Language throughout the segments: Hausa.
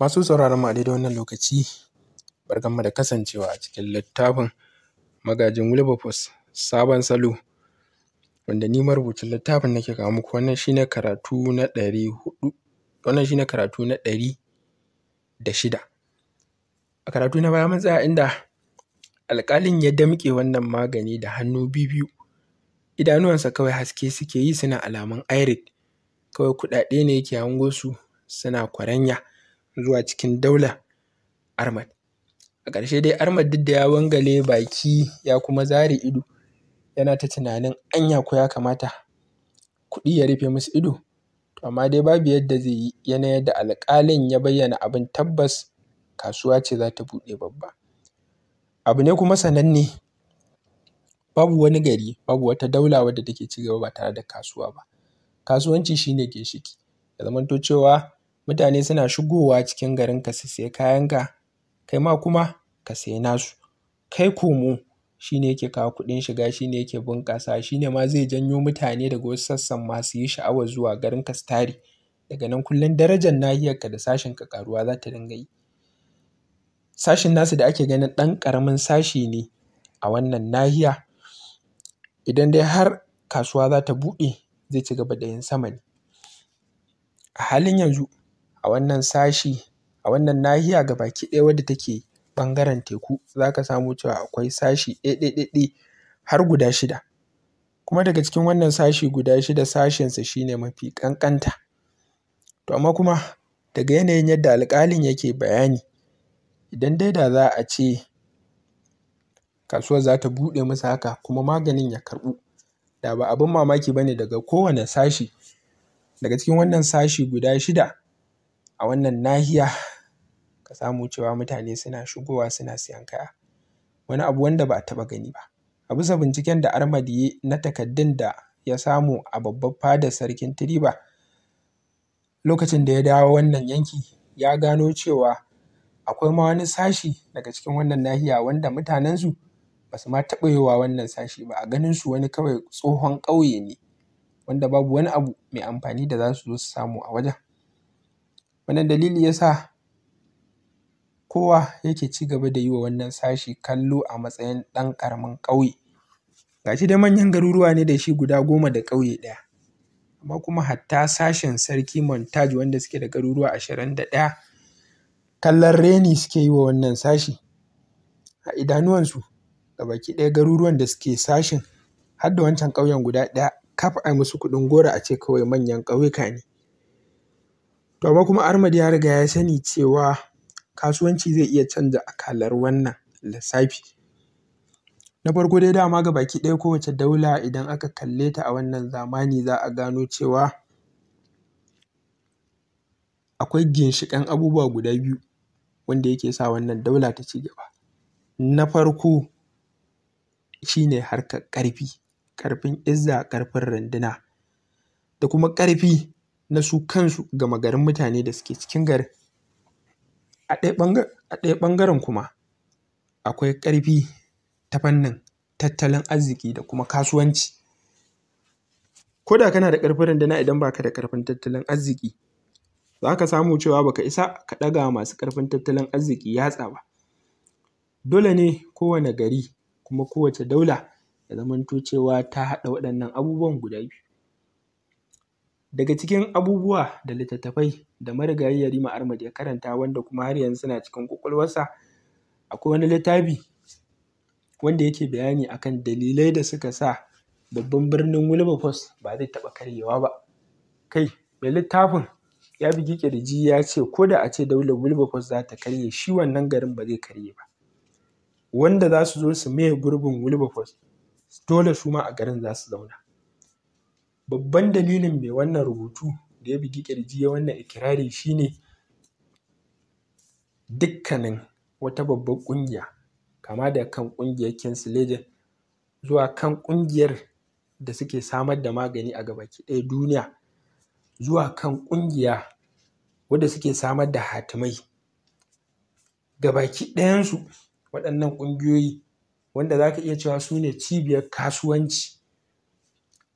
Masu sauraron mu a daidai wannan lokaci barkanmu da kasancewa a cikin littafin Magajin Wilberforce sabon salo wanda ni marubucin littafin nake kawo muku wannan shi karatu na ɗari huɗu wannan shi karatu na ɗari da shida. A karatu na baya mun tsaya inda alƙalin ya damƙe wannan magani da hannu bibbiyu idanuwansa kawai haske suke yi suna alamun IRID kawai kuɗaɗe ne yake hango su suna kwaranya zuwa cikin daular armad A ƙarshe dai Ahmad duk da ya wangale baki ya kuma zare ido yana ta tunanin anya ko ya kamata kuɗi ya rufe musu ido to amma dai babu yadda zai yi yana yadda alƙalin ya bayyana abin tabbas kasuwa ce za ta buɗe babba. Abu ne kuma sananne babu wani gari babu wata daula wadda take ci gaba ba tare da kasuwa ba. Kasuwanci shine ne ginshiƙi ya zamanto cewa mutane suna shigowa cikin garin garinka su sayi kayanka kai ma kuma ka sayi nasu kai komo shi ne yake kawo kuɗin shiga shi ne yake bunƙasa shi ne ma zai janyo mutane daga wasu sassan ma su yi sha'awar zuwa garin ka su tare daga nan kullum darajar nahiyarka da ka ƙaruwa za ta dinga yi sashin nasu da ake ganin ɗan ƙaramin sashi ne a wannan nahiya idan dai har kasuwa za ta buɗe zai ci gaba da yin sama ne a halin yanzu a wannan sashi a wannan nahiya gabaki ɗaya wadda take ɓangaren teku za ka samu cewa akwai sashi ɗaiɗaiɗaiɗai har guda shida kuma daga cikin wannan sashi guda shida sashinsa ne mafi ƙanƙanta to amma kuma daga yanayin yadda alƙalin yake bayani idan dai da za a ce kasuwar za ta buɗe masa haka kuma maganin ya karɓu da ba abin mamaki ba ne daga kowane sashi daga cikin wannan sashi guda shida a wannan nahiya ka samu cewa mutane suna shigowa suna siyan kaya wani abu wanda ba a taɓa gani ba a bisa binciken da Ahmad ya yi na takaddun da ya samu a babbar fadar sarkin Tiriba lokacin da ya dawo wannan yanki ya gano cewa akwai ma wani sashi daga cikin wannan nahiya wanda mutanensu ba su ma taɓa wa wannan sashi ba a ganin su wani kawai tsohon ƙauye ne wanda babu wani abu mai amfani da za su zo su samu a wajen Wannan dalili yasa kowa yake ci gaba da yi wa wannan sashi kallo a matsayin ɗan ƙaramin ƙauye. Ga shi dai manyan garuruwa ne da shi guda goma da ƙauye ɗaya, amma kuma hatta sashen Sarki Montaj wanda suke da garuruwa ashirin da ɗaya kallon reni suke yi wa wannan sashi. A idanuwansu baki ɗaya garuruwan da suke sashin har da wancan ƙauyen guda ɗaya kaf ai musu kuɗin goro a ce kawai manyan ƙauyuka ne. To kuma Ahmad ya riga ya sani cewa kasuwanci zai iya canza akalar wannan lissafi. Na farko dai dama ga baki ɗaya kowace daula idan aka kalle ta a wannan zamani za a gano cewa akwai ginshiƙan abubuwa guda biyu wanda yake sa wannan daula ta ci gaba. Na farko shi ne harkar ƙarfi, ƙarfin izza, ƙarfin runduna da kuma ƙarfi na su kansu gama garin mutane da suke cikin garin a ɗaya ɓangaren kuma akwai ƙarfi ta fannin tattalin arziki da kuma kasuwanci ko da kana da ƙarfin runduna idan baka da ƙarfin tattalin arziki za ka samu cewa baka isa ka ɗaga masu ƙarfin tattalin arziki yatsa ba dole ne kowane gari kuma kowace daula ya zamanto cewa ta haɗa waɗannan abubuwan guda biyu Daga cikin abubuwa da littattafai da marigayi Yarima Ahmad ya karanta wanda kuma har yanzu suna cikin ƙwaƙwalwarsa akwai wani littafi wanda yake bayani akan dalilai da suka sa babban birnin Wilberforce ba zai taɓa karyewa ba. Kai da littafin ya bigi ƙirji ya ce ko da a ce daular Wilberforce za ta karye shi wannan garin ba zai karye ba. Wanda za su zo su maye gurbin Wilberforce dole su ma a garin za su zauna. Babban dalilin mai wannan rubutu da ya bugi ƙirji ya wannan ikirari shi ne dukkanin wata babbar ƙungiya kama daga kan ƙungiyar kings Legend zuwa kan ƙungiyar da suke samar da magani a gabaki ɗaya duniya zuwa kan ƙungiya wadda suke samar da hatimai gabaki ɗayansu waɗannan ƙungiyoyi wanda za ka iya cewa su ne cibiyar kasuwanci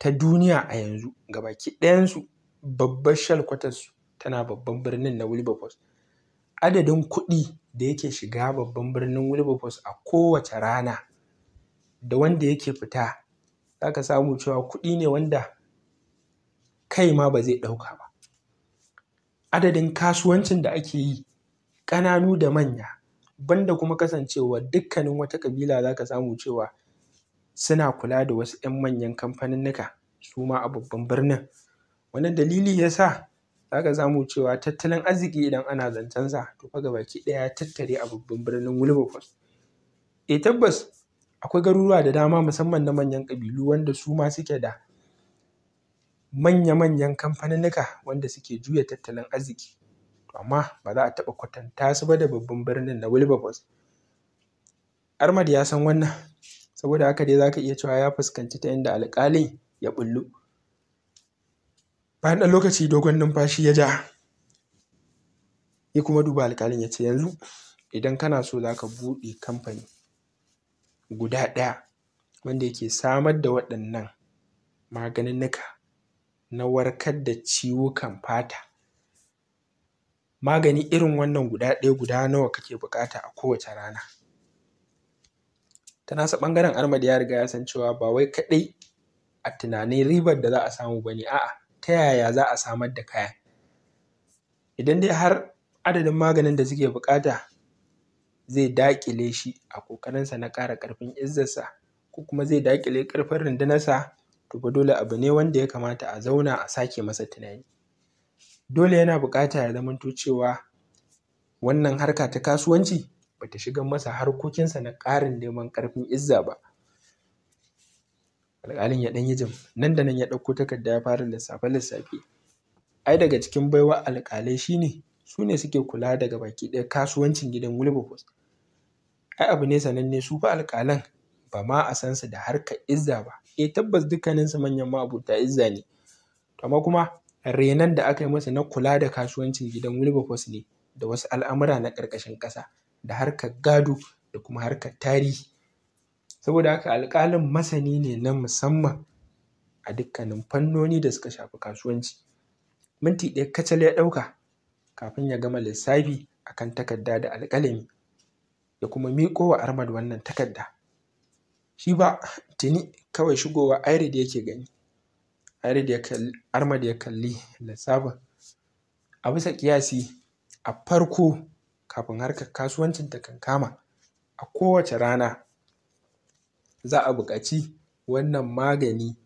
ta duniya a yanzu gabaki ɗayansu babbar shalkwatarsu tana babban birnin na wilberforce adadin kuɗi da yake shiga babban birnin wilberforce a kowace rana da wanda yake fita za ka samu cewa kuɗi ne wanda kai ma ba zai ɗauka ba adadin kasuwancin da ake yi ƙananu da manya banda kuma kasancewa dukkanin wata ƙabila za ka samu cewa suna kula da wasu 'yan manyan kamfaninnika su ma a babban birnin Wani dalili ya sa za ka samu cewa tattalin arziki idan ana zancensa to fa gabaki ɗaya ya tattare a babban birnin wilberforce eh tabbas akwai garuruwa da dama musamman na manyan ƙabilu wanda su ma suke da manya-manyan kamfaninnika wanda suke juya tattalin arziki to amma ba za a taɓa kwatanta su ba da babban birnin na wilberforce armad ya san wannan saboda haka dai za ka iya cewa ya fuskanci ta inda alƙalin ya ɓullu bayan ɗan lokaci dogon numfashi ya ja ya kuma duba alƙalin ya ce yanzu idan kana so za ka buɗe kamfani guda ɗaya wanda yake samar da waɗannan maganinnika na warkar da ciwukan fata magani irin wannan guda ɗaya guda nawa kake buƙata a kowace rana ta nasa ɓangaren Ahmad ya riga ya san cewa ba wai kaɗai a tunanin ribar da za a samu ba ne a'a ta yaya za a samar da kaya idan dai har adadin maganin da suke buƙata zai daƙile shi a ƙoƙarinsa na ƙara ƙarfin izzarsa ko kuma zai daƙile ƙarfin rundunarsa to fa dole abu ne wanda ya kamata a zauna a sake masa tunani dole yana buƙata ya zamanto cewa wannan harka ta kasuwanci bata shiga masa harkokinsa na ƙarin neman ƙarfin izza ba alƙalin ya ɗan yi jim nan da nan ya ɗauko takarda ya fara lissafe lissafe ai daga cikin baiwar alƙalai shine su ne suke kula daga baki ɗaya kasuwancin gidan wilberforce ai abu ne sananne su fa alƙalan ba ma a san su da harkar izza ba eh tabbas dukkaninsu manyan ma'abuta izza ne amma kuma renon da aka yi masa na kula da kasuwancin gidan wilberforce ne da wasu al'amura na ƙarƙashin ƙasa da harkar gado da kuma harkar tarihi saboda haka alƙalin masani ne na musamman a dukkanin fannoni da suka shafi kasuwanci minti ɗaya kacal ya ɗauka kafin ya gama lissafi akan takarda da alƙalami ya kuma miƙo wa armad wannan takarda shi ba tuni kawai shigowa airid yake gani airid ya kalli armad ya kalli lissafin a bisa ƙiyasi a farko kafin harkar kasuwancin ta kankama a kowace rana za a buƙaci wannan magani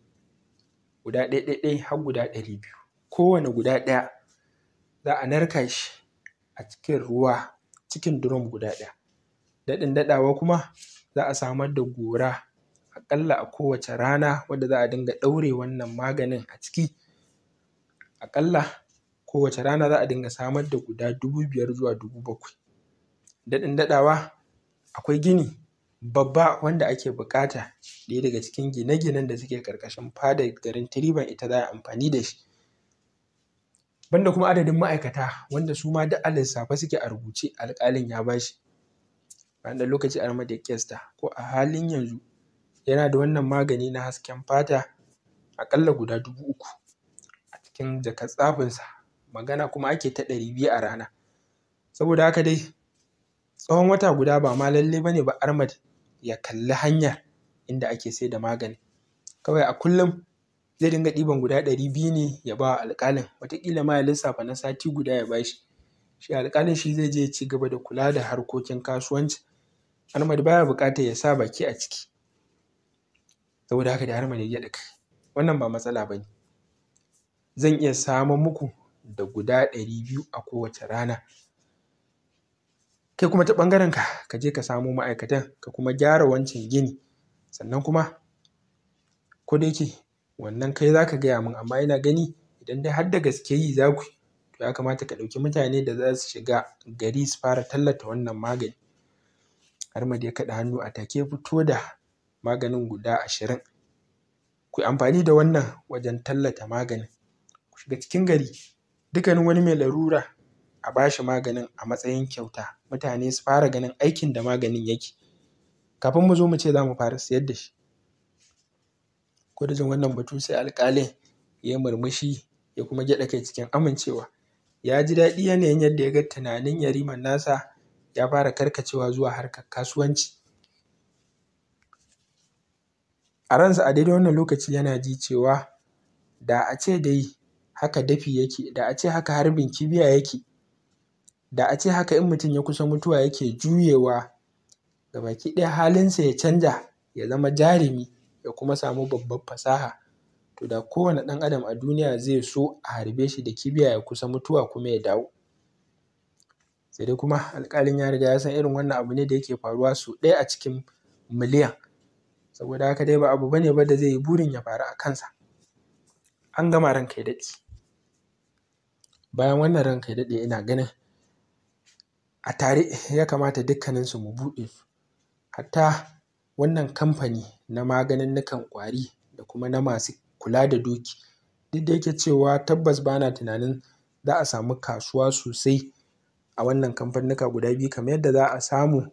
guda ɗaya, ɗaya, ɗaya, har guda ɗari biyu kowane guda ɗaya za a narka shi a cikin ruwa cikin durom guda ɗaya daɗin daɗawa kuma za a samar da gora aƙalla a kowace rana wanda za a dinga ɗaure wannan maganin a ciki aƙalla kowace rana za a dinga samar da guda dubu biyar zuwa dubu bakwai daɗin daɗawa akwai gini babba wanda ake buƙata ɗaya daga cikin gine-ginen da suke ƙarƙashin fadar garin Tiriban ita za a amfani da shi banda kuma adadin ma'aikata wanda su ma duk a lissafe suke a rubuce alƙalin ya ba shi bayan ɗan lokaci Ahmad ya ƙiyasta ko a halin yanzu yana da wannan magani na hasken fata aƙalla guda dubu uku a cikin jakar tsafinsa magana kuma ake ta ɗari biyu a rana saboda haka dai tsawon wata guda ba ma lallai ba ne ba Ahmad ya kalli hanyar inda ake sai da magani Kawai a kullum zai dinga ɗiban guda ɗari biyu ne ya ba wa alƙalin wataƙila ma ya lissafa na sati guda ya bashi shi. Shi alƙalin shi zai je ya ci gaba da kula da harkokin kasuwanci. Ahmad baya buƙatar ya sa baki a ciki. Saboda haka da armad ya kai wannan ba matsala ba ne. Zan iya samar muku da guda ɗari biyu a kowace rana. kai kuma ta ɓangaren ka ka je ka samo ma'aikatan ka kuma gyara wancan gini sannan kuma ko da yake wannan kai za ka gaya min amma ina gani idan dai har da gaske yi za ku to ya kamata ka ɗauki mutane da za su shiga gari su fara tallata wannan magani Ahmad ya kaɗa hannu a take fito da maganin guda ashirin ku yi amfani da wannan wajen tallata maganin ku shiga cikin gari dukkanin wani mai larura a bashi maganin a matsayin kyauta mutane su fara ganin aikin da maganin yake kafin mu zo mu ce za mu fara siyar da shi ko da jin wannan batu sai alƙalin ya yi murmushi ya kuma gyaɗa kai cikin amincewa ya ji daɗi yanayin yadda ya ga tunanin yariman nasa ya fara karkacewa zuwa harkar kasuwanci a ransa a daidai wannan lokaci yana ji cewa da a ce dai haka dafi yake da a ce haka harbin kibiya yake da a ce haka in mutum ya kusa mutuwa yake juyewa ga baki ɗaya halinsa ya canja ya zama jarumi ya kuma samu babbar fasaha to da kowane ɗan adam a duniya zai so a harbe shi da kibiya ya kusa mutuwa kuma ya dawo sai dai kuma alƙalin ya riga ya san irin wannan abu ne da yake faruwa su ɗaya a cikin miliyan saboda haka dai ba abu bane ba da zai yi burin ya faru a kansa an gama ranka ya daɗe bayan wannan ranka ya daɗe ina ganin a tare ya kamata dukkaninsu mu buɗe su hatta wannan kamfani na maganin nukan ƙwari da kuma na masu kula da doki duk da yake cewa tabbas bana tunanin za a samu kasuwa sosai a wannan kamfaninnuka guda biyu kamar yadda za a samu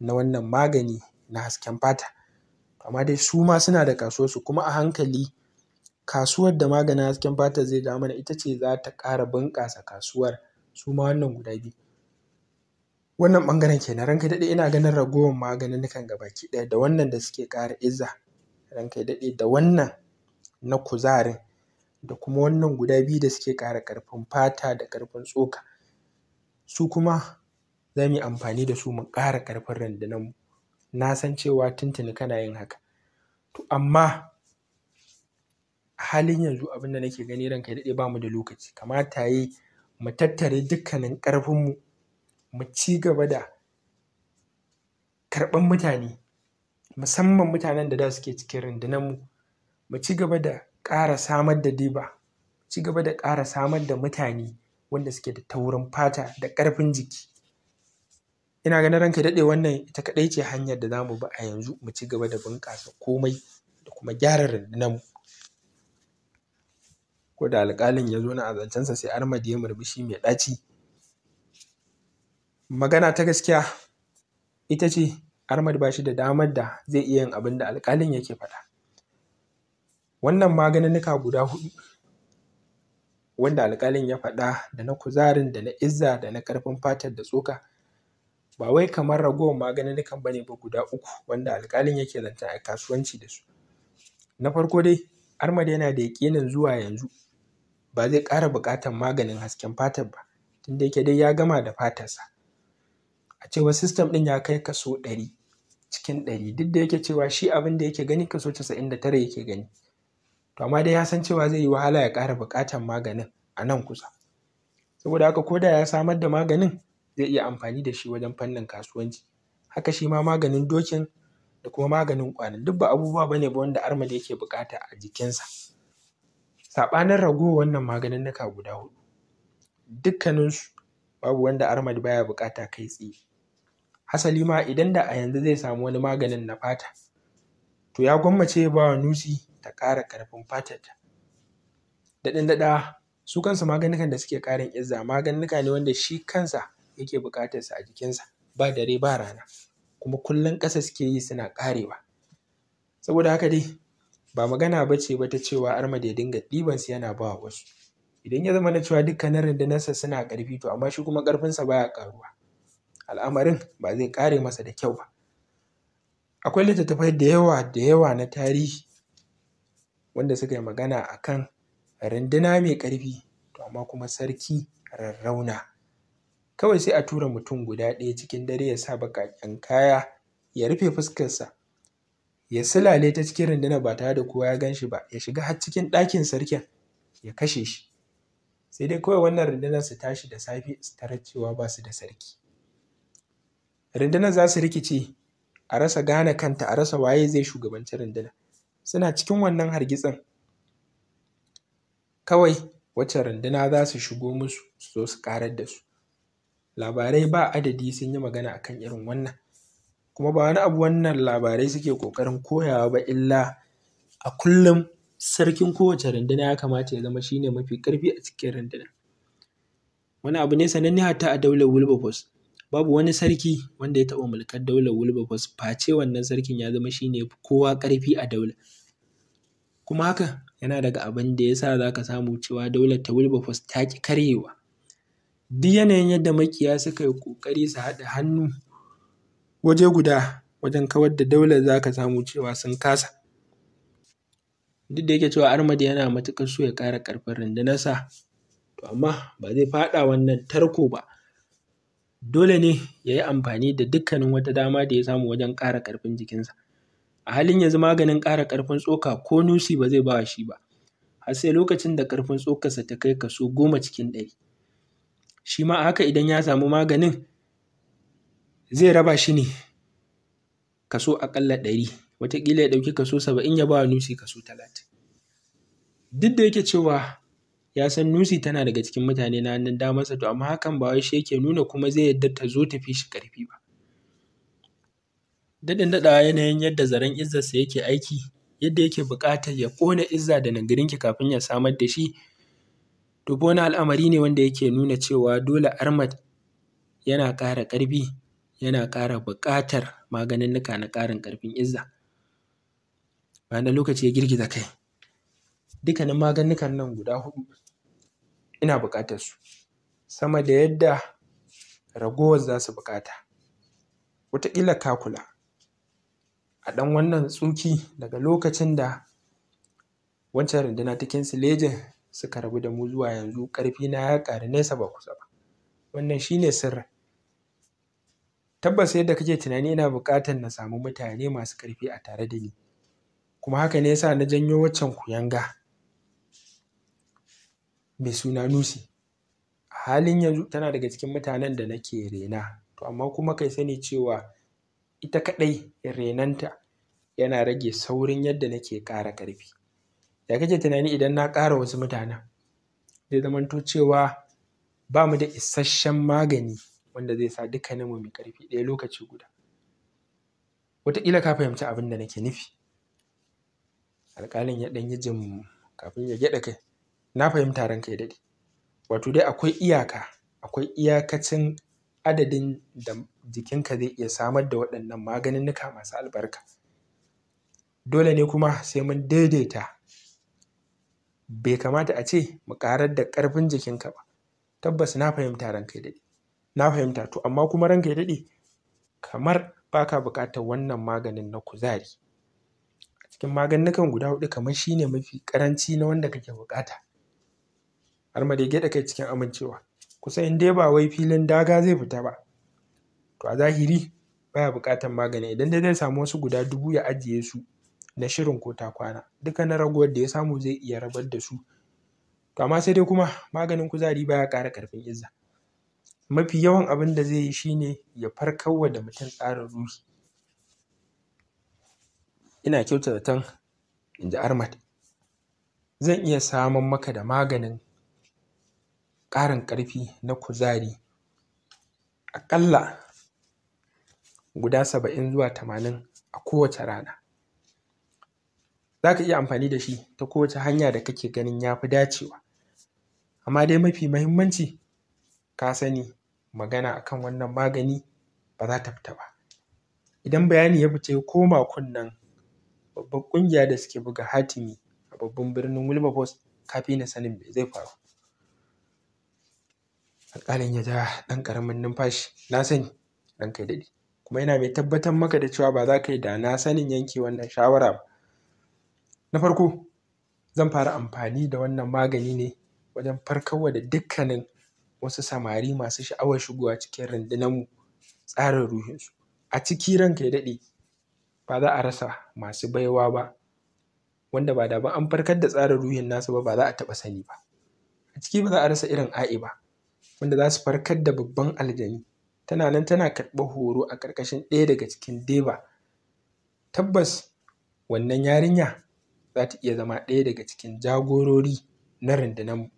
na wannan magani na hasken fata amma dai su ma suna da kasuwarsu kuma a hankali kasuwar da maganin hasken fata zai ja mana ita ce za ta ƙara bunƙasa kasuwar su ma wannan guda biyu wannan ɓangaren kenan ranka daɗe ina ganin ragowar ga baki ɗaya da wannan da suke ƙara izza ranka daɗe da wannan na kuzarin da kuma wannan guda biyu da suke ƙara ƙarfin fata da ƙarfin tsoka su kuma za mu yi amfani da su mu ƙara ƙarfin mu na san cewa tuntuni kana yin haka to amma halin yanzu abin da nake gani ranka daɗe ba mu da lokaci kamata ya yi mu tattare dukkanin mu mu ci gaba da karɓan mutane musamman mutanen da da suke cikin rundunar mu mu ci gaba da ƙara samar da diba ci gaba da ƙara samar da mutane wanda suke da taurin fata da ƙarfin jiki ina ganin ranka daɗe wannan ita kaɗai ce hanyar da za mu bi a yanzu mu ci gaba da bunƙasa komai da kuma gyara mu. ko da alƙalin ya zo na a sai armadi ya murmushi mai ɗaci magana ta gaskiya ita ce Ahmad ba shi da damar da zai iya yin abin da alƙalin yake faɗa. Wannan maganinnika guda huɗu wanda alƙalin ya faɗa da na kuzarin da na izza da na ƙarfin fatar da tsoka ba wai kamar ragowar maganinnikan ba ne ba guda uku wanda alƙalin yake zanta a kasuwanci da su. Na farko dai Ahmad yana da yaƙinin zuwa yanzu ba zai ƙara buƙatar maganin hasken fatar ba tunda yake dai ya gama da fatarsa. a cewa system ɗin ya kai kaso ɗari cikin ɗari duk da yake cewa shi abin da yake gani kaso casa'in da tara yake gani to amma dai ya san cewa zai yi wahala ya ƙara buƙatar maganin a nan kusa saboda haka ko da ya samar da maganin zai iya amfani da shi wajen fannin kasuwanci haka shi ma maganin dokin da kuma maganin kwanan duk ba abubuwa bane ba wanda armal yake buƙata a jikinsa saɓanin ragowar wannan maganin naka guda huɗu dukkaninsu babu wanda Ahmad baya buƙata kai tsaye hasali ma idan da a yanzu zai samu wani maganin na fata to ya gwammace ya ba wa Nusi ta ƙara ƙarfin fatata. daɗin daɗa su kansu maganikan da suke ƙarin izza maganika ne wanda shi kansa yake buƙatarsa a jikinsa ba dare ba rana kuma kullum ƙasa suke yi suna ƙarewa saboda haka dai ba magana ba ce ba ta cewa armada ya dinga ɗibansu yana ba wasu idan ya zama na cewa dukkanin rundunarsa suna ƙarfi to amma shi kuma ƙarfinsa baya ƙaruwa al'amarin ba zai ƙare masa da kyau ba akwai littattafai da yawa da yawa na tarihi wanda suka yi magana a kan runduna mai ƙarfi to amma kuma sarki rarrauna kawai sai a tura mutum guda ɗaya cikin dare ya sa baƙaƙen kaya ya rufe fuskarsa ya silale ta cikin rundunar ba tare da kowa ya gan shi ba ya shiga har cikin ɗakin sarkin ya kashe shi sai dai kawai wannan rundunar su tashi da safe su tarar cewa ba su da sarki rundunar za su rikice a rasa gane kanta a rasa waye zai shugabanci rundunar suna cikin wannan hargitsin kawai wacce runduna za su shigo musu su zo su karar da su labarai ba adadi sun yi magana akan irin wannan kuma ba wani abu wannan labarai suke ƙoƙarin koyawa ba illa a kullum sarkin kowace runduna ya kamata ya zama shine mafi karfi a cikin runduna wani abu ne sananne hatta a daular wilberforce Babu wani sarki wanda ya taɓa mulkar daular Wilberforce face wannan sarkin ya zama shine kowa ƙarfi a daular. Kuma haka yana daga abin da ya sa za ka samu cewa daular ta Wilberforce ta ƙi karyewa. Duk yanayin yadda Makiya suka yi ƙoƙari su haɗa hannu waje guda wajen kawar da daular za ka samu cewa sun kasa. Duk da yake cewa Ahmad yana matuƙar so ya ƙara ƙarfin rundunarsa, to amma ba zai faɗa wannan tarko ba dole ne ya yi amfani da dukkanin wata dama da ya samu wajen ƙara ƙarfin jikinsa. A halin yanzu maganin ƙara ƙarfin tsoka ko nusi ba zai ba shi ba, har sai lokacin da ƙarfin tsokarsa ta kai kaso goma cikin ɗari. Shi ma a haka idan ya samu maganin zai raba shi ne kaso aƙalla ɗari, wataƙila ya ɗauki kaso saba'in ya ba wa nusi kaso talatin. Duk da yake cewa ya san Nusi tana daga cikin mutane na hannun damansa to amma hakan ba wai shi yake nuna kuma zai yadda ta zo ta fi shi ƙarfi ba. Daɗin daɗawa yanayin yadda zaren izzarsa yake aiki yadda yake buƙatar ya ƙona izza da nangirinki kafin ya samar da shi to wani al'amari ne wanda yake nuna cewa dole Ahmad yana ƙara ƙarfi yana ƙara buƙatar maganinnika na ƙarin ƙarfin izza. na lokaci ya girgiza kai. Dukkanin maganinnikan nan guda huɗu ina buƙatar su sama da yadda ragowar za su buƙata. Wataƙila ka kula a ɗan wannan tsuki daga lokacin da wancan runduna ta lejin suka rabu da mu zuwa yanzu ƙarfi na ya ƙaru nesa ba kusa ba. Wannan shi ne sirrin. Tabbas yadda kake tunani ina buƙatar na samu mutane masu ƙarfi a tare da ni, kuma haka ne ya sa na janyo waccan kuyanga mai suna Nusi. A halin yanzu tana daga cikin mutanen da nake rena, to amma kuma kai sani cewa ita kaɗai renanta yana rage saurin yadda nake ƙara ƙarfi. Ya kake tunani idan na ƙara wasu mutanen? Zai zamanto cewa ba mu da isasshen magani wanda zai sa dukkanin mu ƙarfi ɗaya lokaci guda. Wataƙila ka fahimci abin da nake nufi. Alƙalin ya ɗan yi jim kafin ya gyaɗa kai. na fahimta ranka ya daɗe wato dai akwai iyaka akwai iyakacin adadin da jikinka zai iya samar da waɗannan maganinnika masu albarka dole ne kuma sai mun daidaita bai kamata a ce mu ƙarar da ƙarfin jikinka ba tabbas na fahimta ranka ya daɗe na fahimta to amma kuma ranka ya daɗe kamar baka buƙatar wannan maganin na kuzari A cikin maganinukan guda huɗu kamar shine mafi ƙaranci na wanda kake buƙata har ya gyaɗa kai cikin amincewa kusan in dai ba wai filin daga zai fita ba to a zahiri baya buƙatar magani idan dai zai samu wasu guda dubu ya ajiye su na shirin ko ta kwana duka na ragowar da ya samu zai iya rabar da su to amma sai dai kuma maganin kuzari baya ƙara ƙarfin izza mafi yawan abin da zai yi shine ya farkarwa da mutum tsarin ruhi ina kyautata zaton in ji Ahmad zan iya samun maka da maganin ƙarin ƙarfi na kuzari aƙalla guda saba'in zuwa tamanin a kowace rana za ka iya amfani da shi ta kowace hanya da kake ganin ya fi dacewa amma dai mafi mahimmanci ka sani magana akan wannan magani ba za ta fita ba idan bayani ya fice koma kunnen babbar ƙungiya da suke buga hatimi a babban birnin wilberforce ka fi ni sanin me zai faru Alƙalin ya ja ɗan ƙaramin numfashi. Na sani ranka ya daɗe. Kuma yana mai tabbatar maka da cewa ba za ka yi da na sanin yanke wannan shawara ba. Na farko zan fara amfani da wannan magani ne wajen farkarwa da dukkanin wasu samari masu sha'awar shigowa cikin rundunarmu tsarin ruhinsu. A ciki ranka ya daɗe ba za a rasa masu baiwa ba wanda ba da ba an farkar da tsarin ruhin nasu ba ba za a taɓa sani ba. A ciki ba za a rasa irin 'a'e ba. wanda za su farkar da babban aljani tana nan tana karɓar horo a ƙarƙashin ɗaya daga cikin deba tabbas wannan yarinya za ta iya zama ɗaya daga cikin jagorori na rundunar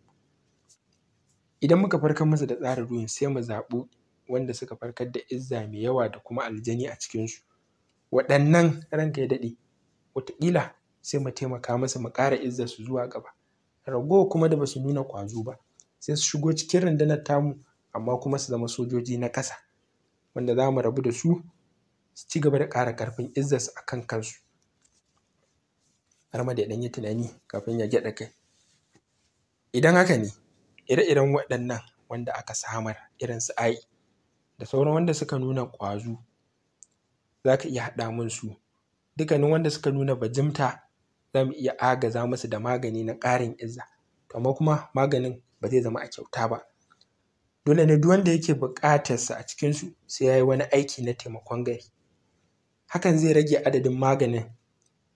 idan muka farkar masa da tsarin ruwan sai mu zaɓi wanda suka farkar da izza mai yawa da kuma aljani a cikinsu waɗannan ranka ya daɗe wataƙila sai mu taimaka masa mu ƙara su zuwa gaba ragowa kuma da basu nuna ƙwazo ba sai su shigo cikin rundunar tamu amma kuma su zama sojoji na ƙasa wanda za mu rabu da su su ci gaba da ƙara ƙarfin izzarsu a kan kansu har ma da ya yi tunani kafin ya gyaɗa kai idan haka ne ire-iren waɗannan wanda aka samar irin su ai da sauran wanda suka nuna ƙwazo za ka iya haɗa min su dukkanin wanda suka nuna bajimta za mu iya agaza musu da magani na ƙarin izza amma kuma maganin ba zai zama a kyauta ba dole ne duk wanda yake buƙatarsa a cikinsu sai ya yi wani aiki na taimakon gari hakan zai rage adadin maganin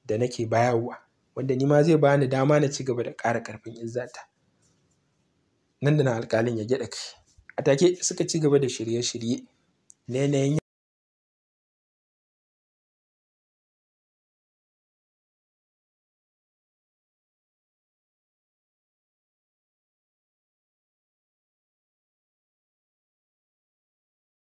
da nake bayarwa wanda ni ma zai bani dama na ci gaba da ƙara ƙarfin izzata nan da nan alƙalin ya gyaɗa kai a take suka ci gaba da shirye-shirye na yanayin